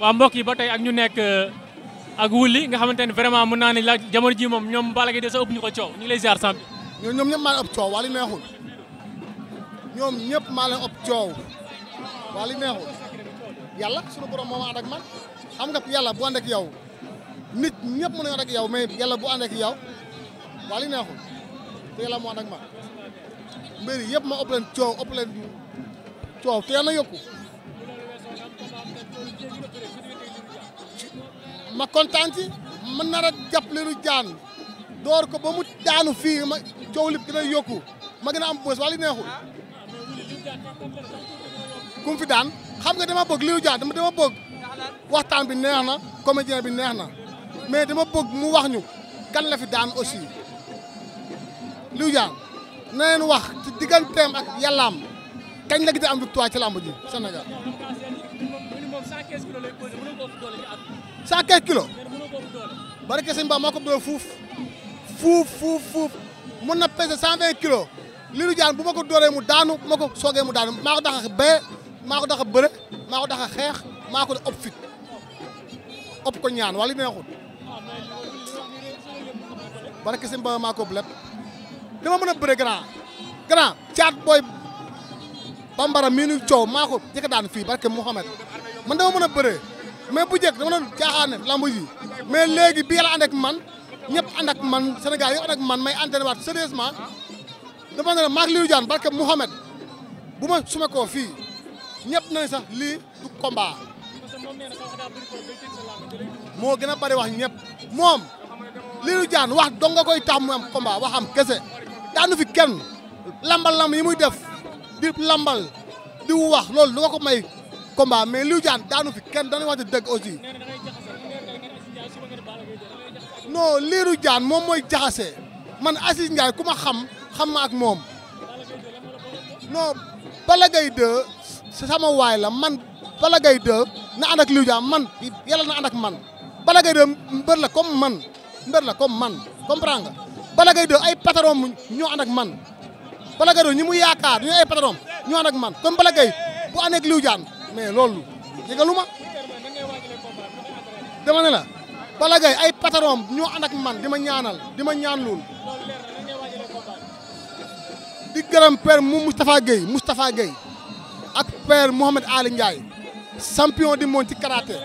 waaw mbokk yi ba tey ak ñu nekk euh, ak wulli nga xamante ne vraiment mën naa ne la jamono ji moom ñoom Balla Gaye de sa ñu ko coow ñu ngi lay ziar sambi ñoom ñoom ñëpp maa leen ëpp coow wala neexul ñoom ñëpp maa leen ëpp coow wala neexul yàlla suñu borom moo ma xam nga yàlla bu ànd ak yow nit ñëpp mën nañu ànd ak yow mais yàlla bu ànd ak yow wala neexul te yàlla moo ànd ak man mbir yëpp ma ëpp leen coow ëpp leen coow te yàlla yokku ma kontaan man na ra a jàppale jaan door ko ba mu daanu fi ma ciowlip dina yokku ma gëna am bës wala neexu kum fi daan xam nga dama bëgg Lirou jaan dama dama bëgg waxtaan bi neexna comédien bi neexna mais dama bëgg mu wax ñu kan la fi daan aussi Lirou jaan na leen wax ci digantem ak yallaam kañ la gis am victoire ci lamb ji Sénégal. cent quinze kilos barke sëñ Ba moo ko doole fuuf fuuf fuuf mun na peser cent vingt kilos Lirou bu ma ko doolee mu daanu bu ma ko soogee mu daanu maa ko tax a bee maa ko tax a bëre xeex maa ko ëpp fit ëpp ko ñaan wala li neexul barke sëñ Ba maa ko ëpp lépp dama mën a bëre grand grand caat booy bambara mii nu coow maa ko jëkk daan fii barke Mouhamed man dama mën a bëree mais bu njëkk dama doon caaxaan lamb ji mais léegi bi yàlla ànd ak man ñepp ànd ak man Sénégal yëpp ànd ak man may entraîné waat sérieusement dama ne maak Lirou Diane barke Mouhamed bu ma suma ko fii ñëpp nañ sax lii du combat moo gën a bari wax ñëpp moom Lirou Diane wax dong koy tax mu am combat wax am kese daanu fi kenn lambal lamb yi muy def di lambal di wax loolu lu ko may combat mais lu Diane danu fi kenn dañu wati deug aussi non Lirou Diane mom moy jaxasse man assis ngay kuma xam xam ma ak mom non balagay de sama way la man balagay de na and ak Liu Diane man yalla na and ak man balagay de mbeur la comme man mbeur la comme man comprends nga balagay de ay patron ñoo and ak man balagay de ñimu yaakar ñu ay patron ñoo and ak man comme balagay bu anek ak Liu mais loolu yëgalu ma dama ne la ay patron ñoo ànd man di ma ñaanal di ma ñaan loolu di gërëm père mu Moustapha Guèye Moustapha Guèye ak père Mouhamed Ali Ndiaye champion du monde ci karaté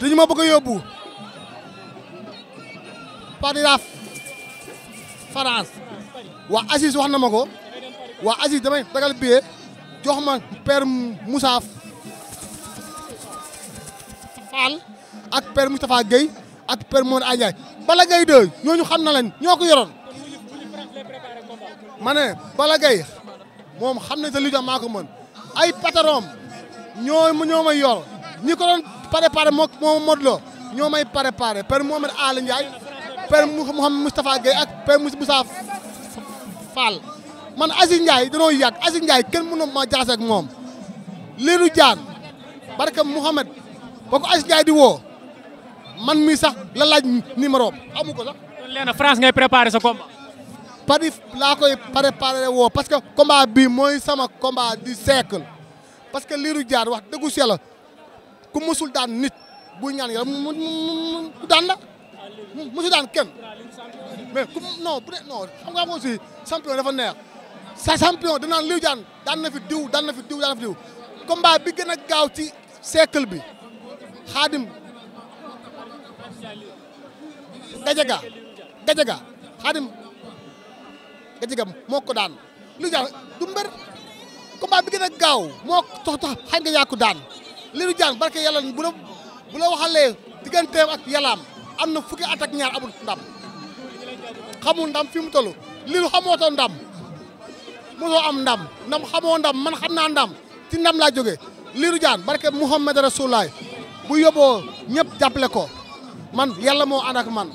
dañu ma bëgg a yóbbu Paris la France waa Aziz wax ma ko waa Aziz damay dagal billet jox ma père Moussa Fall ak père Moustapha Guèye ak père Modou Adiaye Balla Gaye 2 ñooñu xam na leen ñoo ko yoroon ma ne Balla Gaye moom xam ne sa maa ko mën ay patron ñoo ñoo may yor ñi ko doon préparé moo moom Modou Lo ñoo may préparé père Mohamed Aly Ndiaye père Mouhamed Moustapha Guèye ak père Moussa Fall man Aziz Ndiaye danoo yàgg Aziz Ndiaye kenn mënoo ma jaase ak moom leenu jaan barka Mouhamed ba ko Aziz di woo man mii sax la laaj numéro amu ko sax. kon léegi France ngay préparé sa combat. Paris laa koy préparé woo parce que combat bii mooy sama combat di siècle parce que liiru jaar wax dëggu si yàlla ku musul nit bu ñaan yàlla mu mu daan la musul daan kenn mais ku non non xam nga aussi champion dafa neex. sa champion danaan liw jaan daan na fi diw daan na fi diw daan na fi bi gën a gaaw ci siècle bi xaadim gajaga gajaga xaadim gajaga moo ko daan liw jaan du mbër combat bi gën a gaaw moo tax tax xañ nga daan liw jaan barke yàlla bu la waxalee digganteem ak yàllaam am na fukki at ak ñaar amul ndam xamul ndam fi mu toll lilu xamootoo ndam mosoo am ndam ndam xamoo ndam man xam naa ndam ci ndam laa jógee Lirou Diane barke Mouhamed Rasoulaay bu yóbboo ñëpp jàppale ko man yàlla moo ànd ak man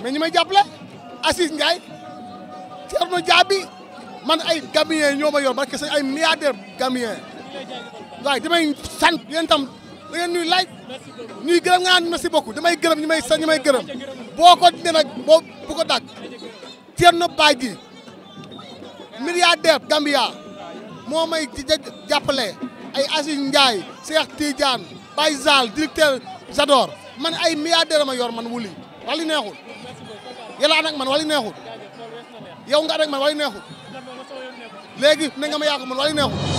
mais ñi may jàppale Assis Ndiaye Thierno Diaby man ay gamien ñoo ma yor barke sax ay milliardaire gamien waaye damay sant yéen tam da ngeen ñuy laaj ñuy gërëm nga naan merci beaucoup damay gërëm ñi may sant ñi may gërëm boo ko dina nag boo bu ko dagg Thierno Badji milliardaire Gambia moo may jàppale ay Aziz Ndiaye Cheikh Tidiane Baye Zal directeur Jador man ay milliardaire ma yor man wuli wali neexul yàlla ànd ak man wali neexul yow nga ànd man wali neexul léegi na nga ma yàq man wali neexul